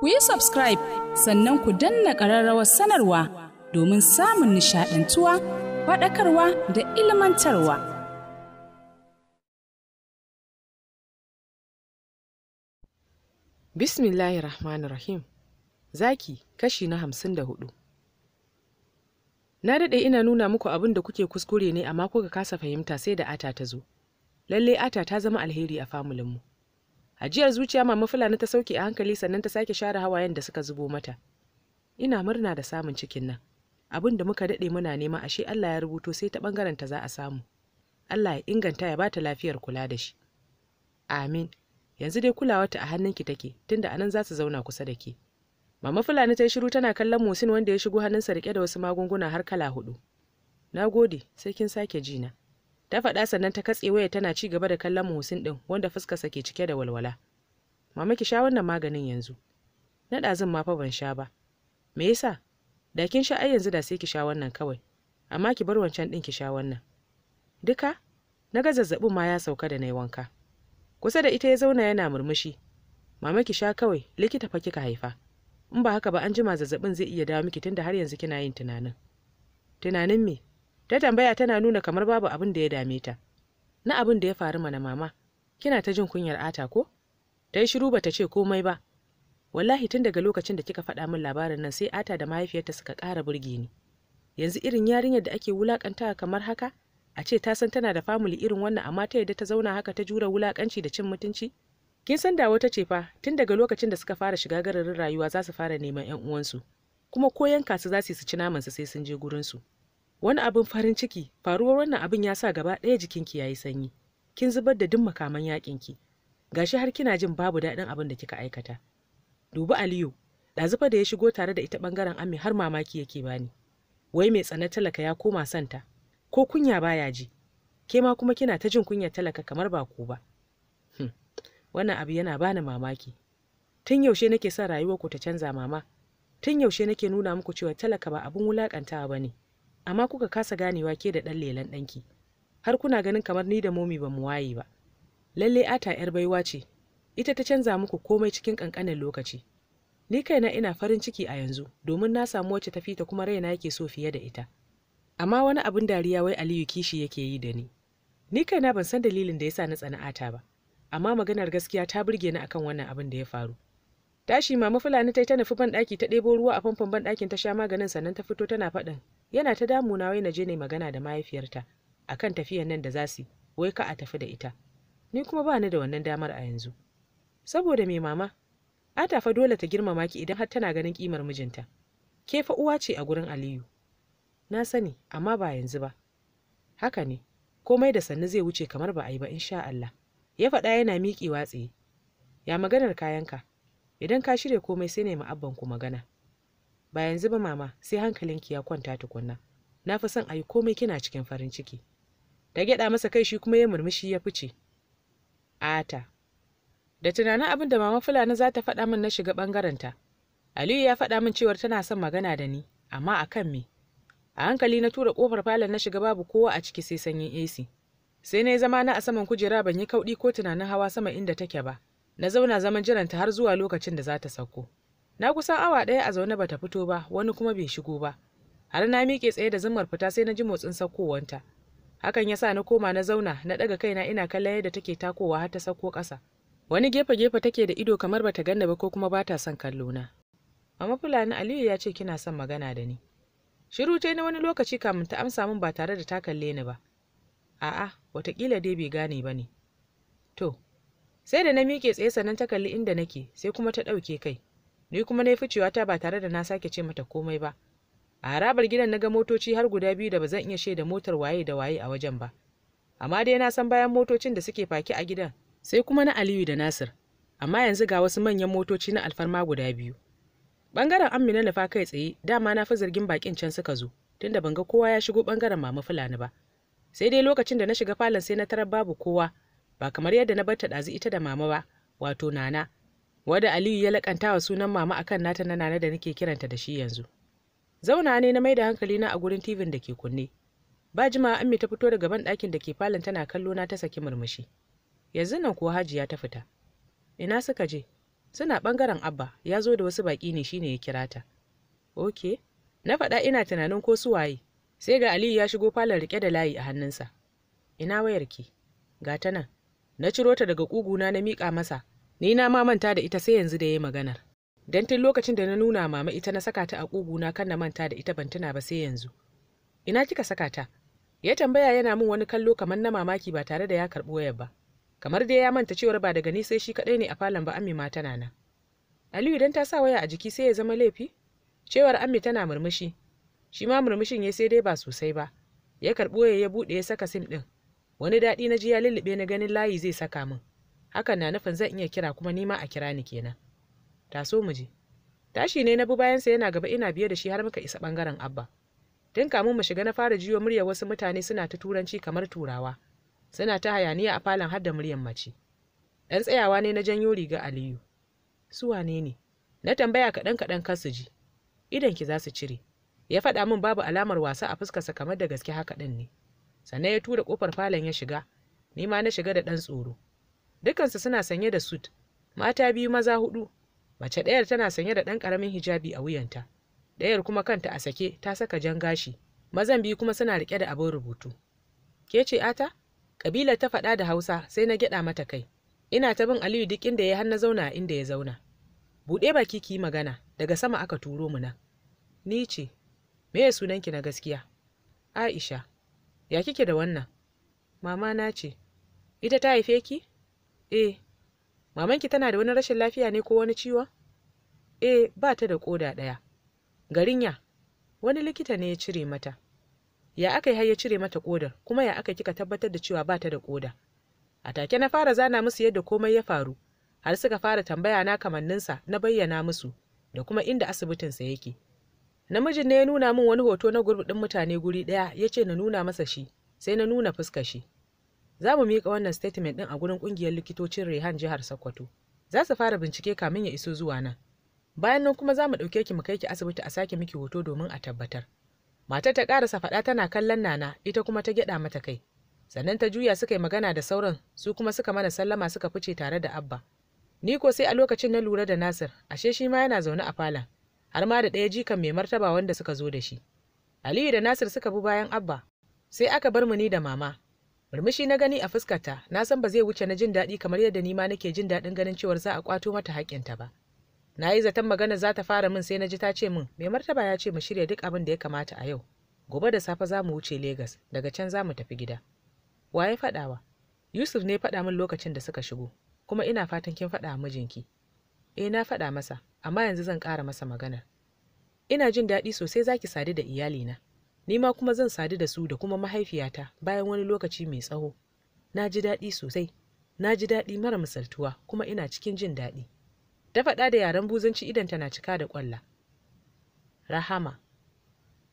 ku yi subscribe sannan ku danna ƙararrawar sanarwa domin samun nishaɗantuwa faɗakarwa da ilmantarwa. Bismillahirrahmanirrahim Zaki kashi na hamsin da hudu Na daɗe ina nuna muku abin da kuke kuskure ne amma kuka kasa fahimta sai da ata ta zo. Lallai ata ta zama alheri a famulinmu. Ajiyar zuciya mama Fulani ta sauke a hankali sannan ta sake share hawayen da suka zubo mata. Ina murna da samun cikin nan. Abin da muka dade muna nema ashe Allah ya rubuto sai ta ɓangaren ta za a samu. Allah ya inganta ya bata lafiyar kula da shi. Amin. Yanzu dai kulawarta a hannunki take tunda anan za su zauna kusa da ke. Mama Fulani ta yi shiru tana kallon Musin wanda ya shigo hannunsa rike da wasu magunguna har kala hudu. Na gode, sai kin sake jina. ta faɗa sannan ta katse waya tana ci gaba da kallon muhusin ɗin wanda fuskarsa ke cike da walwala mama ki sha wannan maganin yanzu na zan ma fa ban sha ba me yasa da kin sha ai yanzu da sai ki sha wannan kawai amma ki bar wancan ɗin ki sha wannan duka na ga zazzaɓin ma ya sauka da na yi wanka kusa da ita ya zauna yana murmushi mama ki sha kawai likita fa kika haifa in ba haka ba an jima zazzabin zai iya dawo miki tunda har yanzu kina yin tunanin tunanin me ta tambaya tana nuna kamar babu abin da ya dame ta na abin da ya faru mana mama kina ta jin kunyar ata ko ta yi shiru ba ta ce komai ba wallahi tun daga lokacin da kika faɗa min labarin nan sai ata da mahaifiyarta suka ƙara burge ni yanzu irin yarinyar da ake wulakantawa kamar haka a ce ta san tana da famili irin wannan amma ta yadda ta zauna haka ta jura wulakanci da cin mutunci kin san da wata ce fa tun daga lokacin da suka fara shiga gararin rayuwa za su fara neman yan uwansu kuma ko yanka su za su ci naman su sai sun je gurinsu. su wani abin farin ciki faruwar wannan abin ya sa gaba ɗaya jikinki ya yi sanyi kin zubar da duk makaman yaƙinki gashi har kina jin babu daɗin abin da kika aikata Duba aliyu ɗazufa da ya shigo tare da ita ɓangaren ami har mamaki yake bani wai mai tsana talaka ya koma santa ko kunya baya ji ke ma kuma kina ta jin kunya talaka kamar ba ku ba hmm, wannan abu yana bani mamaki tun yaushe nake son rayuwar ku ta canza mama tun yaushe nake nuna muku cewa talaka ba abun wulakantawa ne. amma kuka kasa ganewa ke da ɗan lelan ɗanki har kuna ganin kamar ni da momi ba mu waye ba lalle ata yar baiwa ce ita ta canza muku komai cikin ƙanƙanin lokaci ni kaina ina farin ciki a yanzu domin na samu wacce ta fita kuma raina yake so fiye da ita amma wani abin dariya wai aliyu kishi yake yi da ni ni kaina ban san dalilin da ya sa na tsana'ata ba amma maganar gaskiya ta burge ni akan wannan abin da ya faru tashi mama fulani ta yi ta nufi ban ɗaki ta ɗebo ruwa a famfon ban ɗakin ta sha maganin sannan ta fito tana faɗin yana ta damuna wai na je ne magana da mahaifiyarta akan tafiyan nan da za su wai ka a tafi da ita ni kuma ba ni da wannan damar a yanzu saboda mai mama ta fa dole ta girmama ki idan har tana ganin kimar mijinta ke fa uwa ce a gurin aliyu na sani amma ba yanzu ba haka ne komai da sannu zai wuce kamar ba a yi ba insha Allah ya faɗa yana miƙewa tsaye ya maganar kayanka idan ka shirya komai sai ne abban ku magana ba yanzu ba mama sai hankalinki ya kwanta tukunna na fi son a yi komai kina cikin farin ciki ta gyaɗa masa kai shi kuma ya murmushi ya fice ata da tunanin abin da mama fulani za ta faɗa min na shiga ɓangarenta aliyu ya faɗa min cewar tana son magana da ni amma a kan me a hankali na tura ƙofar falon na shiga babu kowa a ciki sai sanyin ac sai na yi zama na a saman kujera ban yi kauɗi ko tunanin hawa sama inda take ba na zauna zaman jiranta har zuwa lokacin da za ta sauko na kusan awa ɗaya a zaune bata fito ba wani kuma bai shigo ba har na miƙe tsaye da zumar fita sai na ji motsin saukowanta hakan ya sa na koma na zauna na ɗaga kaina ina kallon yadda take takowa har ta sauko ƙasa wani gefe gefe take da ido kamar bata ganna ba ko kuma bata son kallo na amma fulani aliyu ya ce kina son magana da ni shiru ta na wani lokaci kamun ta amsa min ba tare da ta kalle ni ba a'a watakila dai bai gane ba ne to sai da na miƙe tsaye sannan ta kalli inda nake sai kuma ta ɗauke kai ni kuma na yi ficewa ta ba tare da na sake ce mata komai ba a harabar gidan na ga motoci har guda biyu da ba zan iya shaida motar waye da waye a wajen ba amma dai na san bayan motocin da suke faki a gidan sai kuma na aliyu da nasir amma yanzu ga wasu manyan motoci na alfarma guda biyu bangaren amina nufa kai tsaye dama na fi zargin bakin can suka zo tunda ban ga kowa ya shigo bangaren mama fulani ba sai dai lokacin da na shiga falon sai na tarar babu kowa ba kamar yadda na barta ɗazu ita da mama ba wato nana wadda Aliyu ya lakanta wa sunan mama akan nata na nana da nake kiranta da shi yanzu. Zauna ne na mai da hankali na a gurin tivin da ke kunne. Ba jima Ammi ta fito daga ban ɗakin da ke falon tana kallo na ta saki murmushi. Yanzu nan kuwa Hajiya ta fita. Ina suka je? Suna ɓangaren Abba, ya zo da wasu baƙi ne shine ya kira ta. Oke, na faɗa ina tunanin ko su waye. Sai ga Aliyu ya shigo falon rike da layi a hannunsa. Ina wayarki? Ga ta nan. Na ciro ta daga kuguna na miƙa masa, ni na ma manta da ita sai yanzu da yayi maganar dan tun lokacin da na nuna mama ita na saka ta a na kan na manta da ita ban tuna ba sai yanzu ina kika saka ta ya tambaya yana min wani kallo kamar na mamaki ba tare da ya karbi wayar ba kamar dai ya manta cewar ba daga ni sai shi kadai ne a falon ba ammi ma tana nan aliyu idan ta sa waya a jiki sai ya zama laifi cewar ammi tana murmushi shi ma murmushin ya sai dai ba sosai ba ya karbi waya ya bude ya saka sim din wani daɗi na ji ya lullube na ganin layi zai saka min hakan na nufin zan iya kira kuma nima a kira ni kenan taso mu je tashi ne na bi bayansa yana gaba ina biye da shi har muka isa bangaren abba tun kamun mu shiga na fara jiyo murya wasu mutane suna ta turanci kamar turawa suna ta hayaniya a falon har da muryar mace Ɗan tsayawa ne na janyo riga aliyu su wane ne na tambaya kaɗan kaɗan kar su ji idan ki za su cire ya faɗa min babu alamar wasa a fuskarsa kamar da gaske haka ɗin ne sannan ya tura ƙofar falon ya shiga ni ma na shiga da ɗan tsoro dukansu suna sanye da sut mata biyu maza hudu mace ɗayar tana sanye da ɗan ƙaramin hijabi a wuyanta ɗayar kuma kanta a sake ta saka jan gashi mazan biyu kuma suna riƙe da abin rubutu ke ce ata Kabila ta faɗa da hausa sai na gyaɗa mata kai ina ta bin aliyu duk inda ya hanna zauna inda ya zauna buɗe baki ki magana daga sama aka turo mu nan ni ce me ya sunanki na gaskiya aisha ya kike da wannan mama na ce ita ta haife ki eh mamanki tana da wani rashin lafiya ne ko wani ciwon eh ba ta da koda ɗaya garinya wani likita ne ya cire mata ya aka yi har ya cire mata kodar kuma ya aka kika tabbatar da cewa ba ta da koda a take na fara zana musu yadda komai ya faru har suka fara tambaya na kamanninsa na bayyana musu da kuma inda asibitinsa yake namijin ne ya nuna min wani hoto na gurbin mutane guri ɗaya ya ce na nuna masa shi sai na nuna fuskar shi za mu mika wannan statement ɗin a gurin ƙungiyar likitocin rehan jihar sokoto za su fara bincike kamin ya iso zuwa nan bayan nan kuma za mu ɗauke ki mu kai ki asibiti a sake miki hoto domin a tabbatar matar ta ƙarasa faɗa tana kallon nana ita kuma ta gyaɗa mata kai sannan ta juya suka yi magana da sauran su kuma suka mana sallama suka fice tare da abba ni ko sai a lokacin na lura da nasir ashe shi ma yana zaune a falon har ma da ɗaya jikan mai martaba wanda suka zo da shi aliyu da nasir suka bi bayan abba sai aka bar mu ni da mama murmushi na gani a fuskarta na san ba zai wuce na jin daɗi kamar yadda nima nake jin daɗin ganin cewar za a kwato mata haƙƙinta ba na yi zaton magana za ta fara min sai na ji ta ce min mai martaba ya ce mu shirya duk abin da ya kamata a yau gobe da safe za mu wuce Legas, daga can za mu tafi gida wa ya faɗawa yusuf ne faɗa min lokacin da suka shigo kuma ina fatan kin faɗa mijinki eh na faɗa masa amma yanzu zan ƙara masa maganar ina jin daɗi sosai zaki sadu da iyalina ni ma kuma zan sadu da su da kuma mahaifiyata bayan wani lokaci mai tsawo na ji daɗi sosai na ji daɗi mara misaltuwa kuma ina cikin jin daɗi ta faɗa da yaren buzanci idan tana cika da ƙwalla rahama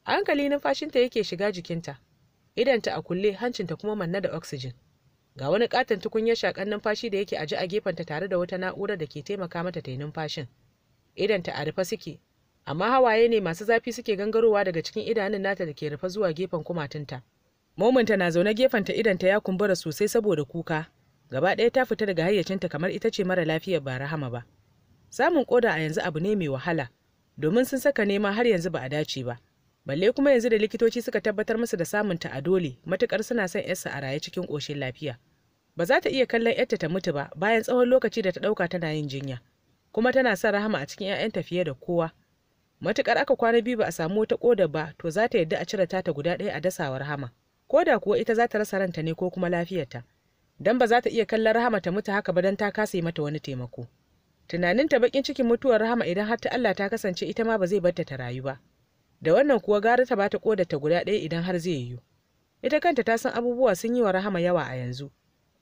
a hankali numfashinta yake shiga jikinta idanta a kulle hancinta kuma manna da oxygen ga wani katon tukunyar shakan numfashi da yake aji a gefenta tare da wata na'urar da ke taimaka mata ta yi numfashin idanta a rufe suke amma hawaye ne masu zafi suke gangarowa daga cikin idanun nata da ke rufe zuwa gefen kumatunta mominta na zaune gefen gefenta idanta ya kumbura sosai saboda kuka gaba ɗaya ta fita daga hayyacinta kamar ita ce mara lafiyar ba rahama ba samun koda a yanzu abu ne mai wahala domin sun saka nema har yanzu ba a dace ba balle kuma yanzu da likitoci suka tabbatar musu da samunta a dole matukar suna son yarsa a raye cikin ƙoshin lafiya ba za ta iya kallon yarta ta mutu ba bayan tsawon lokaci da ta ɗauka tana yin jinya kuma tana son rahama a cikin 'ya'yanta fiye da kowa matukar aka kwana biyu ba a samu wata koda ba to za ta yadda a cire ta guda ɗaya a dasawar hama ko da kuwa ita za ta rasa ranta ne ko kuma lafiyarta dan ba za ta iya kallon rahama ta mutu haka ba dan ta kasa yi mata wani taimako ta bakin cikin mutuwar rahama idan har ta Allah ta kasance ita ma ba zai barta ta rayu ba da wannan kuwa gara ta bata ta guda ɗaya idan har zai yiwu ita kanta ta san abubuwa sun yi wa rahama yawa a yanzu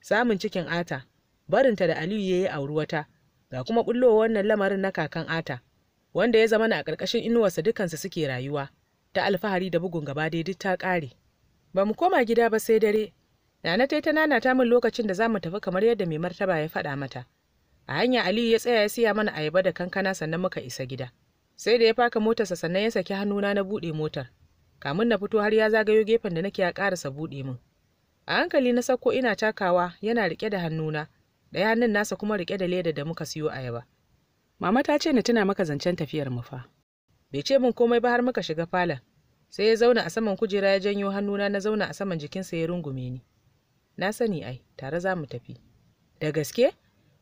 samun cikin ata barinta da aliyu ya yi auri wata ga kuma bullowa wannan lamarin na kakan ata wanda ya zama na a ƙarƙashin inuwarsa dukansa suke rayuwa ta alfahari da bugun gaba dai duk ta ƙare ba mu koma gida ba sai dare nana ta nana ta min lokacin da za mu tafi kamar yadda mai martaba ya faɗa mata a hanya aliyu ya tsaya ya siya mana ayaba da kankana sannan muka isa gida sai da ya faka motarsa sannan ya saki hannuna na buɗe motar kamun na fito har ya zagayo gefen da nake ya ƙarasa buɗe min a hankali na sako ina takawa yana rike da hannuna ɗaya hannun nasa kuma rike da leda da muka siyo ayaba mama ta ce na tuna maka zancen tafiyar mu fa bai ce min komai ba har muka shiga falon sai ya zauna a saman kujera ya janyo hannuna na zauna a saman jikinsa ya rungume ni na sani ai tare za mu tafi da gaske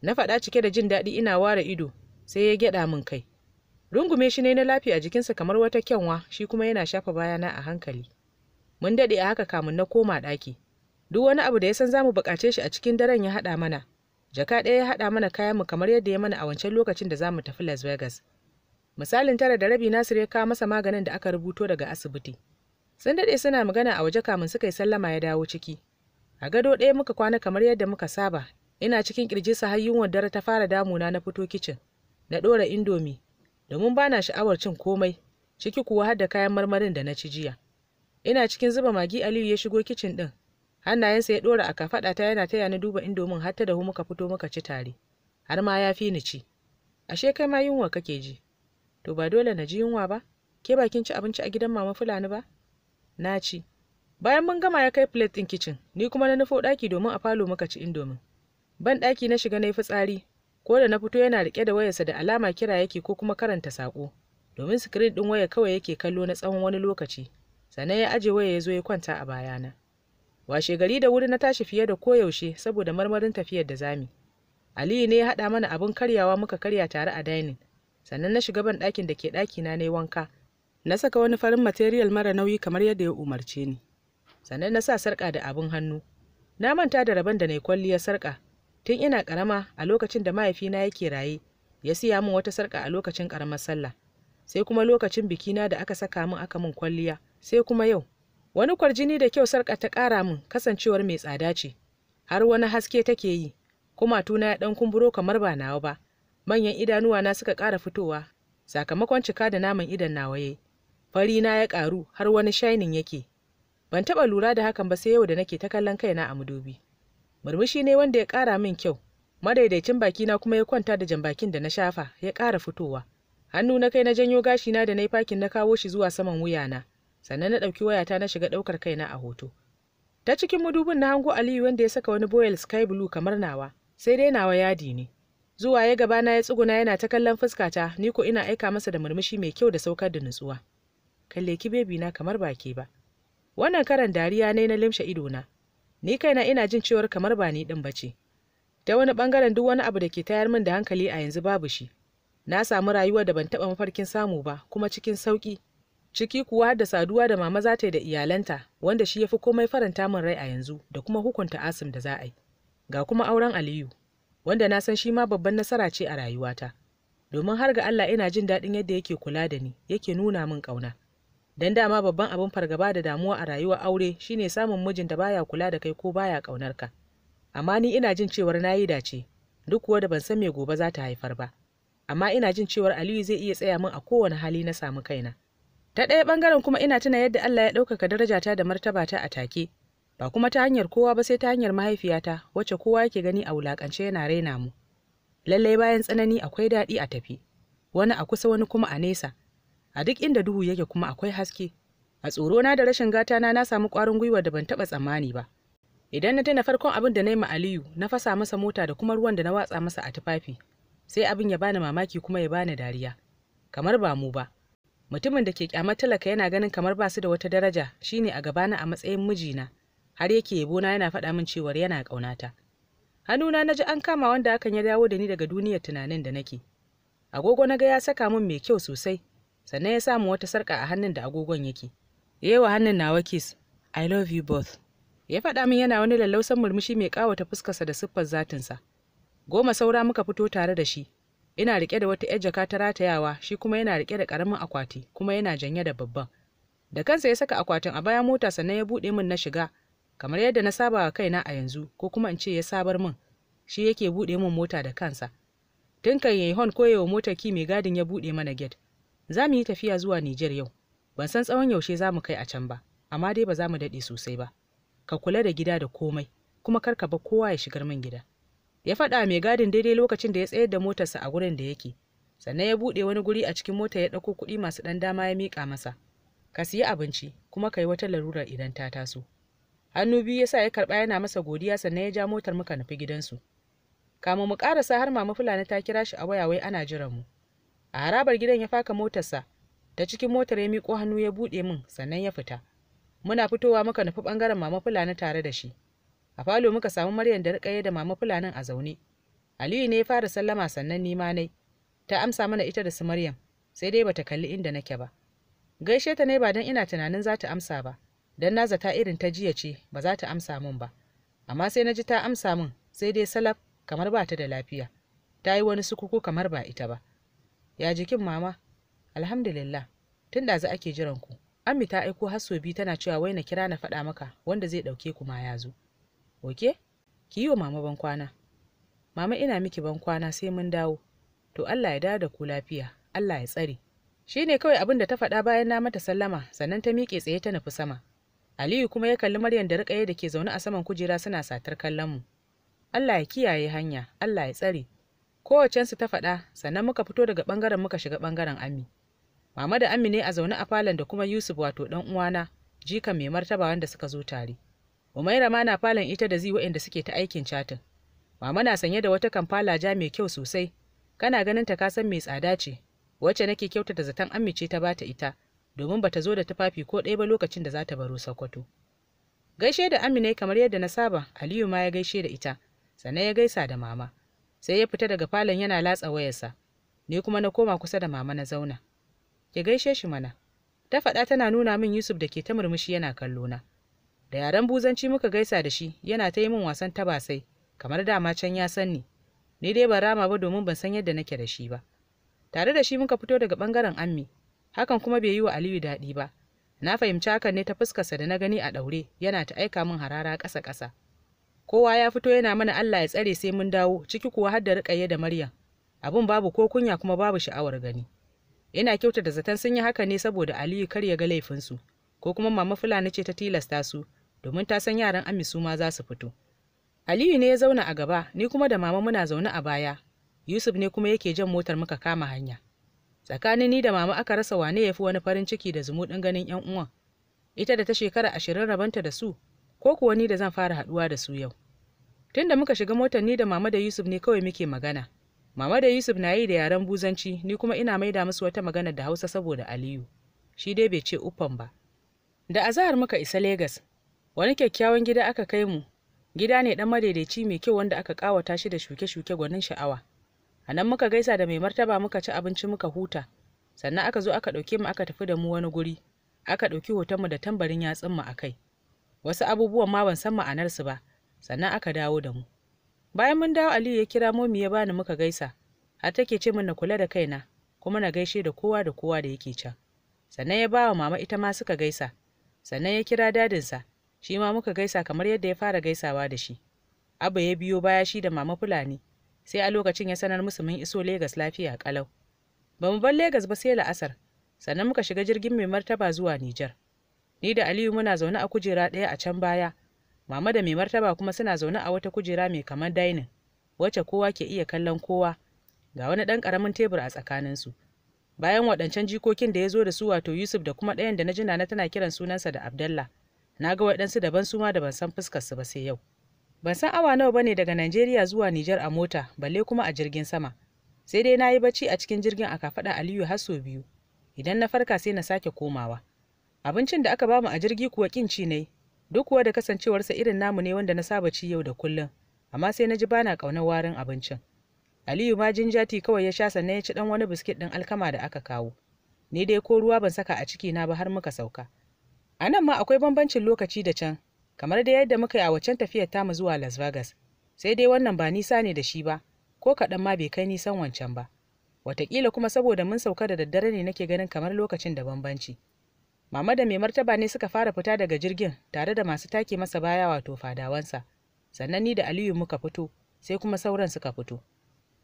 na faɗa cike da jin daɗi ina ware ido sai ya gyaɗa min kai rungume shi ne na lafiya a jikinsa kamar wata kyanwa shi kuma yana shafa bayana a hankali mun daɗe a haka kamun na koma ɗaki duk wani abu da ya san za mu buƙace shi a cikin daren ya haɗa mana jaka ɗaya ya haɗa mana kayan mu kamar yadda ya mana a wancan lokacin da za mu tafi las vegas misalin tara da rabi nasir ya kawo masa maganin da aka rubuto daga asibiti sun daɗe suna magana a waje kamun suka yi sallama ya dawo ciki a gado ɗaya muka kwana kamar yadda muka saba ina cikin sa har yunwar dare ta fara damuna na fito kicin na ɗora indomi domin bana sha'awar cin komai ciki kuwa har da kayan marmarin da na ci jiya ina cikin zuba magi aliyu ya shigo kicin ɗin hannayensa ya ɗora a ta yana taya ni duba indomin har ta dahu muka fito muka ci tare har ma ya fi ni ci ashe kai ma yunwa kake ji to ba dole na ji yunwa ba ke bakin ci abinci a gidan mama fulani ba na ci bayan mun gama ya kai plate ɗin kicin ni kuma na nufo ɗaki domin a falo muka ci indomin ban ɗaki na shiga na yi fitsari ko da na fito yana riƙe da wayarsa da alama kira yake ko kuma karanta saƙo domin sikirin ɗin waya kawai yake kallo na tsawon wani lokaci sannan ya aje waya ya zo ya kwanta a bayana washe gari da wuri na tashi fiye da koyaushe saboda marmarin tafiyar da zami aliyu ne ya haɗa mana abin karyawa muka karya tare a dining sannan na shiga ban ɗakin da ke ɗakina na yi wanka na saka wani farin material mara nauyi kamar yadda ya umarce ni sannan na sa sarƙa da abin hannu na manta da rabon da na yi kwalliyar sarƙa tun ina ƙarama a lokacin da mahaifina yake raye ya siya min wata sarƙa a lokacin ƙaramar sallah sai kuma lokacin bikina da aka saka min aka min kwalliya sai kuma yau wani kwarjini da kyau sarka ta ƙara min kasancewar mai tsada ce har wani haske take yi kuma tuna ya ɗan kumburo kamar ba nawa ba manyan idanuwa na suka ƙara fitowa sakamakon cika da naman idan nawa yayi fari na ya ƙaru har wani shainin yake ban taɓa lura da hakan ba sai yau da nake ta kallon kaina a madubi murmushi ne wanda ya ƙara min kyau madaidaicin bakina kuma ya kwanta da jambakin da na shafa ya ƙara fitowa hannu na kai na janyo gashi na da na yi fakin na kawo shi zuwa saman wuyana sannan na ɗauki wayata na shiga ɗaukar kaina a hoto ta cikin mudubin na hango aliyu wanda ya saka wani boyel sky blue kamar nawa sai dai nawa yadi ne zuwa ya gabana ya tsuguna yana ta kallon fuskata ni ko ina aika masa da murmushi mai kyau da saukar da nutsuwa kalle ki bebi na kamar baki ba wannan karan dariya ne na limshe na ni kaina ina jin cewar kamar ba ni din bace ta wani bangaren duk wani abu da ke tayar min da hankali a yanzu babu shi na samu rayuwa da ban taɓa mafarkin samu ba kuma cikin sauki ciki kuwa da saduwa da mama za ta yi da iyalanta wanda shi ya fi komai faranta min rai a yanzu da kuma hukunta asim da za a yi ga kuma auren aliyu wanda na san shi ma babban nasara ce a rayuwata domin har ga allah ina jin daɗin yadda yake kula da ni yake nuna min ƙauna dan dama babban abin fargaba da damuwa a rayuwar aure shine samun mijin da baya kula da kai ko baya ƙaunar ka amma ni ina jin cewar na yi dace duk kuwa da ban san me gobe za ta haifar ba amma ina jin cewar aliyu zai iya tsaya min a kowane hali na samu kaina ta ɗaya ɓangaren kuma ina tuna yadda Allah ya ɗaukaka darajata da martabata a take ba kuma ta hanyar kowa ba sai ta hanyar mahaifiyata wacce kowa yake gani a wulakance yana raina mu lallai bayan tsanani akwai daɗi a tafi wani a kusa wani kuma a nesa a duk inda duhu yake kuma akwai haske a tsorona da rashin gata na na samu ƙwarin gwiwa da ban taɓa tsammani ba idan na tuna farkon abin da na yi ma aliyu na fasa masa mota da kuma ruwan da na watsa masa a tufafi sai abin ya bani mamaki kuma ya bani dariya kamar ba mu ba mutumin da ke kyamar talaka yana ganin kamar ba su da wata daraja shine a gabana a matsayin mijina har yake Yabo na yana faɗa min cewar yana ƙaunata hannuna na ji an kama wanda hakan ya dawo da ni daga duniyar tunanin da nake agogo na ga ya saka min mai kyau sosai sannan ya samu wata sarƙa a hannun da agogon yake yewa hannun nawa kiss i love you both ya faɗa min yana wani lallausan murmushi mai ƙawata fuskarsa da siffar zatinsa goma saura muka fito tare da shi ina rike da wata 'yar jaka ta ratayawa shi kuma yana rike da karamin akwati kuma yana janye da babban da kansa ya saka akwatin a bayan mota sannan ya buɗe min na shiga kamar yadda na saba wa kaina a yanzu ko kuma in ce ya sabar min shi yake buɗe min mota da kansa tun kan yayi hon koye wa motar ki mai gadin ya buɗe mana gate za mu yi tafiya zuwa Nijar yau ban san tsawon yaushe za mu kai a can ba amma dai ba za mu daɗe sosai ba ka kula da gida da komai kuma kar ka bar kowa ya shigar min gida ya faɗa mai gadin daidai lokacin da ya tsayar da motarsa a gurin da yake sannan ya buɗe wani guri a cikin mota ya ɗauko kuɗi masu ɗan dama ya miƙa masa ka siya abinci kuma ka yi wata larurar idan ta taso hannu biyu ya sa ya karɓa yana masa godiya sannan ya ja motar muka nufi gidansu kama mu ƙarasa har mama fulani ta kira shi a waya wai ana jiran mu a harabar gidan ya faka motarsa ta cikin motar ya miƙo hannu ya buɗe min sannan ya fita muna fitowa muka nufi ɓangaren mama fulani tare da shi a falo muka samu maryam da rikaye da mama fulanin a zaune aliyu ne ya fara sallama sannan nima nai ta amsa mana ita da su maryam sai dai bata kalli inda nake ba gaishe ta ne ba dan ina tunanin za ta amsa ba dan na zata irin ta jiya ce ba za ta amsa min ba amma sai na ji ta amsa min sai dai salaf kamar ba ta da lafiya ta yi wani sukuku kamar ba ita ba ya jikin mama alhamdulillah tun da za ake jiran ku ammi ta aiko har tana cewa wai na kira na faɗa maka wanda zai ɗauke ku ma ya zo oke ki yi wa mama ban kwana. mama ina miki ban kwana sai mun dawo to allah ya dawo da ku lafiya allah ya tsare shi ne kawai abin da ta faɗa bayan na mata sallama sannan ta miƙe tsaye ta nufi sama aliyu kuma ya kalli maryam da riƙaye da ke zaune a saman kujera suna satar kallon mu allah ya kiyaye hanya allah ya tsare kowacensu ta faɗa sannan muka fito daga ɓangaren muka shiga ɓangaren ami mama da ami ne a zaune a falon da kuma yusuf wato ɗan uwana jikan mai martaba wanda suka zo tare umaira ma na falon ita da zi waɗanda suke ta aikin catin mama na sanye da wata kamfala ja mai kyau sosai kana ganin ta kasan mai tsada ce wacce nake kyautata zaton amince ta bata ita domin bata zo da tufafi ko ɗaya ba lokacin da za ta baro sokoto gaishe da amina kamar yadda na saba aliyu ma ya gaishe da ita sannan ya gaisa da mama sai ya fita daga falon yana latsa wayarsa ni kuma na koma kusa da mama na zauna ki gaishe shi mana ta faɗa tana nuna min yusuf da ke ta murmushi yana kallona da yaren buzanci muka gaisa da shi yana ta yi min wasan tabasai kamar dama can ya san ni ni dai ba rama ba domin ban san yadda nake da shi ba tare da shi muka fito daga bangaren ammi hakan kuma bai yi wa aliyu daɗi ba na fahimci hakan ne ta fuskarsa da na gani a ɗaure yana ta aika min harara ƙasa ƙasa kowa ya fito yana mana allah ya tsare sai mun dawo ciki kuwa har da riƙaye da maryam abin babu ko kunya kuma babu sha'awar gani ina kyauta da zaton sun yi haka ne saboda aliyu kar ya ga laifinsu ko kuma mama fulani ce ta tilasta su domin ta san yaran Ami su ma za su fito aliyu ne ya zauna a gaba ni kuma da mama muna zaune a baya yusuf ne kuma yake jan motar muka kama hanya tsakanin ni da mama aka rasa wane ya fi wani farin ciki da zumuɗin ganin yan uwan ita da ta shekara ashirin rabanta da su ko kuwa ni da zan fara haɗuwa da su yau tun da muka shiga motar ni da mama da yusuf ne kawai muke magana mama da yusuf na yi da yaren buzanci ni kuma ina maida musu wata magana da hausa saboda aliyu shi dai bai ce uffan ba da azahar muka isa Legas, wani kyakkyawan gida aka kai mu gida ne dan madaidaici mai kyau wanda aka kawata shi da shuke-shuke gwanin sha'awa a nan muka gaisa da mai martaba muka ci abinci muka huta sannan aka zo aka ɗauke mu aka tafi da mu wani guri aka ɗauki hoton mu da tambarin yatsun mu a kai wasu abubuwan ma ban san ma'anarsu ba sannan aka dawo da mu bayan mun dawo aliyu ya kira momi ya bani muka gaisa har take ce min na kula da kaina kuma na gaishe da kowa da kowa da yake can sannan ya bawa mama ita ma suka gaisa sannan ya kira dadinsa shi ma muka gaisa kamar yadda ya fara gaisawa da shi abba ya biyo baya shi da mama fulani sai a lokacin ya sanar musu mun iso Legas lafiya kalau ba mu bar Legas ba sai la'asar sannan muka shiga jirgin mai martaba zuwa Nijar ni da Aliyu muna zaune a kujera ɗaya a can baya mama da mai martaba kuma suna zaune a wata kujera mai kamar dainin wacce kowa ke iya kallon kowa ga wani ɗan ƙaramin tebur a tsakaninsu bayan waɗancan jikokin da ya zo da su wato Yusuf da kuma ɗayan da na jina na tana kiran sunansa da Abdallah na ga waɗansu daban su ma da ban san fuskarsu ba sai yau ban san awa nawa bane daga Najeriya zuwa Nijar a mota balle kuma a jirgin sama sai dai na yi bacci a cikin jirgin a kafaɗa Aliyu har sau biyu idan na farka sai na sake komawa abincin da aka bamu a jirgi kuwa kinci ne duk kuwa da kasancewarsa irin namu ne wanda na saba ci yau da kullum amma sai na ji bana ƙaunar warin abincin Aliyu ma jinjati kawai ya sha sannan ya ci dan wani biskit ɗin alkama da aka kawo ni dai ko ruwa ban saka a ciki na ba har muka sauka a nan ma akwai bambancin lokaci da can kamar dai yadda muka yi a waccan tafiyar mu zuwa las vegas sai dai wannan ba nisa ne da shi ba ko kaɗan ma bai kai nisan wancan ba wataƙila kuma saboda mun sauka da daddare ne nake ganin kamar lokacin da bambanci mama da mai martaba ne suka fara fita daga jirgin tare da masu take masa baya wato fadawansa sannan ni da aliyu muka fito sai kuma sauran suka fito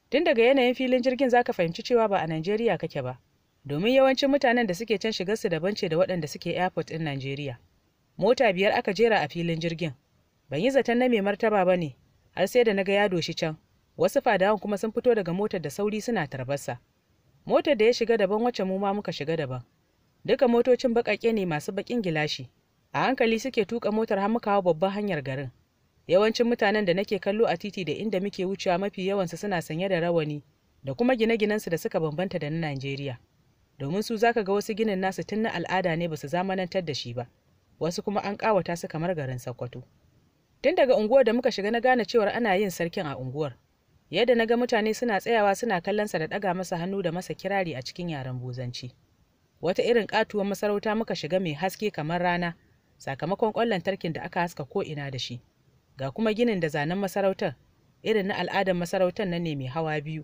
tun daga yanayin filin jirgin zaka fahimci cewa ba a najeriya kake ba domin yawancin mutanen da suke can shigarsu daban ce da waɗanda suke airport ɗin Najeriya. Mota biyar aka jera a filin jirgin. Ban yi zaton na mai martaba ba ne, har sai da na ga ya doshi can. Wasu fadawan kuma sun fito daga motar da sauri suna tarbarsa. Motar da ya shiga daban wacce mu ma muka shiga daban. Duka motocin baƙaƙe ne masu baƙin gilashi. A hankali suke tuka motar har muka babban hanyar garin. Yawancin mutanen da nake kallo a titi da inda muke wucewa mafi yawansu suna sanye da rawani da kuma gine-ginensu da suka bambanta da na Najeriya. domin su zaka ga wasu ginin nasu tun na al'ada ne basu zamanantar da shi ba wasu kuma an ƙawata su kamar garin sakkwato tun daga unguwar da muka shiga na gane cewar ana yin sarkin a unguwar yadda na ga mutane suna tsayawa suna kallonsa da daga masa hannu da masa kirari a cikin yaren buzanci wata irin katuwar masarauta muka shiga mai haske kamar rana sakamakon kwallon tarkin da aka haska ko ina da shi ga kuma ginin da zanen masarautar irin na al'adar masarautar nan ne mai hawa biyu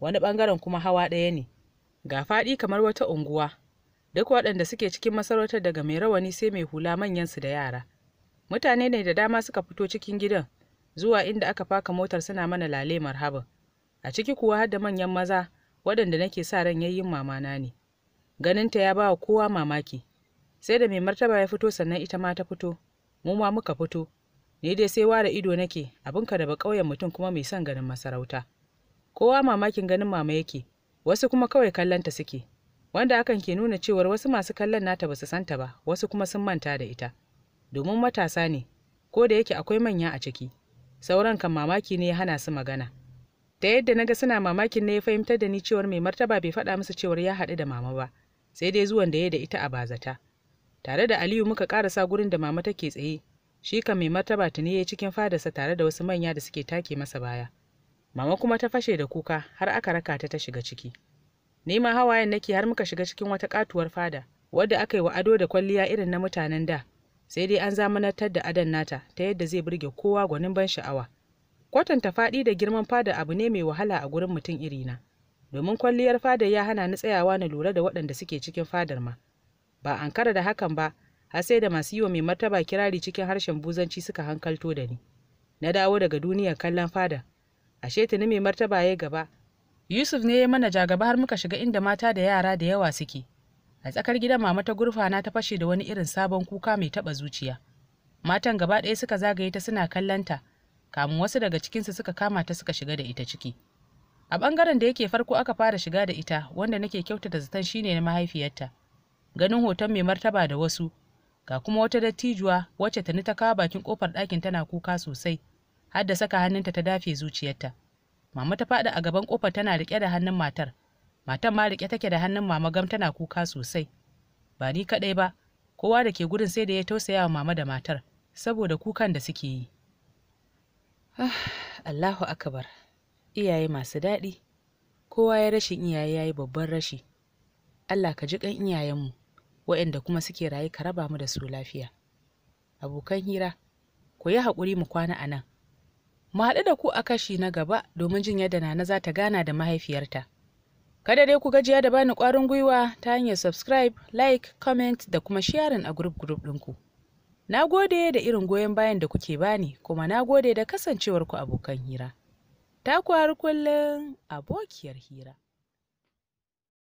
wani ɓangaren kuma hawa ɗaya ne ga faɗi kamar wata unguwa duk waɗanda suke cikin masarautar daga mai rawani sai mai hula manyansu da yara mutane ne da dama suka fito cikin gidan zuwa inda aka faka motar suna mana lalemar marhaban a ciki kuwa har da manyan maza waɗanda nake sa ran yayin mamana ne ganinta ya bawa kowa mamaki sai da mai martaba ya fito sannan ita ma ta fito mu ma muka fito ni dai sai ware ido nake abinka da ba ƙauyen mutum kuma mai son ganin masarauta kowa mamakin ganin mama yake wasu kuma kawai kallonta suke wanda hakan ke nuna cewar wasu masu kallon nata basu santa ba wasu kuma sun manta da ita domin matasa ne ko da yake akwai manya a ciki sauran kan mamaki ne ya hana su magana ta yadda na ga suna mamakin ne ya fahimtar da ni cewar mai martaba bai faɗa musu cewar ya haɗu da mama ba sai dai zuwan da ya da ita a bazata tare da aliyu muka sa gurin da mama take tsaye shi kan mai martaba tuni ya cikin fadarsa tare da wasu manya da suke take masa baya mama kuma ta fashe da kuka har aka raka ta ta shiga ciki ni ma hawayen nake har muka shiga cikin wata katuwar fada wadda aka yi wa ado da kwalliya irin na mutanen da sai dai an zamanantar da adon nata ta yadda zai burge kowa gwanin ban sha'awa kwatanta faɗi da girman fada abu ne mai wahala a gurin mutum iri na. domin kwalliyar fada ya hana ni tsayawa na lura da waɗanda suke cikin fadar ma ba an kara da hakan ba har sai da masu yiwa mai martaba kirari cikin harshen buzanci suka hankalto da ni na dawo daga duniyar kallon fada ashe tuni mai martaba ya gaba yusuf ne ya manaja jagaba har muka shiga inda mata da yara da yawa suke a tsakar gidan mama ta gurfa na ta fashe da wani irin sabon kuka mai taba zuciya matan gaba ɗaya suka zagaye ta suna kallanta kamun wasu daga cikinsu suka kama ta suka shiga da ita ciki a ɓangaren da yake farko aka fara shiga da ita wanda nake kyautata zaton shine na mahaifiyarta ganin hoton mai martaba da wasu ga kuma wata dattijuwa wacce ta ni ta kawo bakin kofar ɗakin tana kuka sosai har da saka hannunta ta dafe zuciyarta mama ta faɗi a gaban kofar tana riƙe da hannun matar matan ma rike take da hannun mama gam tana kuka sosai ba ni kadai ba kowa da ke gurin sai da ya tausaya wa mama da matar saboda kukan da suke yi ah, Allahu akbar iyaye masu daɗi kowa ya rashin iyaye yayi babban rashi Allah ka ji kan iyayenmu waɗanda kuma suke raye ka raba mu da su lafiya abokan hira ku yi haƙuri mu kwana a nan Mu haɗu da ku a kashi na gaba domin jin yadda Nana za ta gana da mahaifiyarta. Kada dai ku gajiya da bani ƙwarin gwiwa ta hanyar subscribe, like, comment da kuma sharing a group group ɗinku. Na gode da irin goyon bayan da kuke bani kuma na gode da kasancewarku abokan hira. Ta kwar kullum abokiyar hira.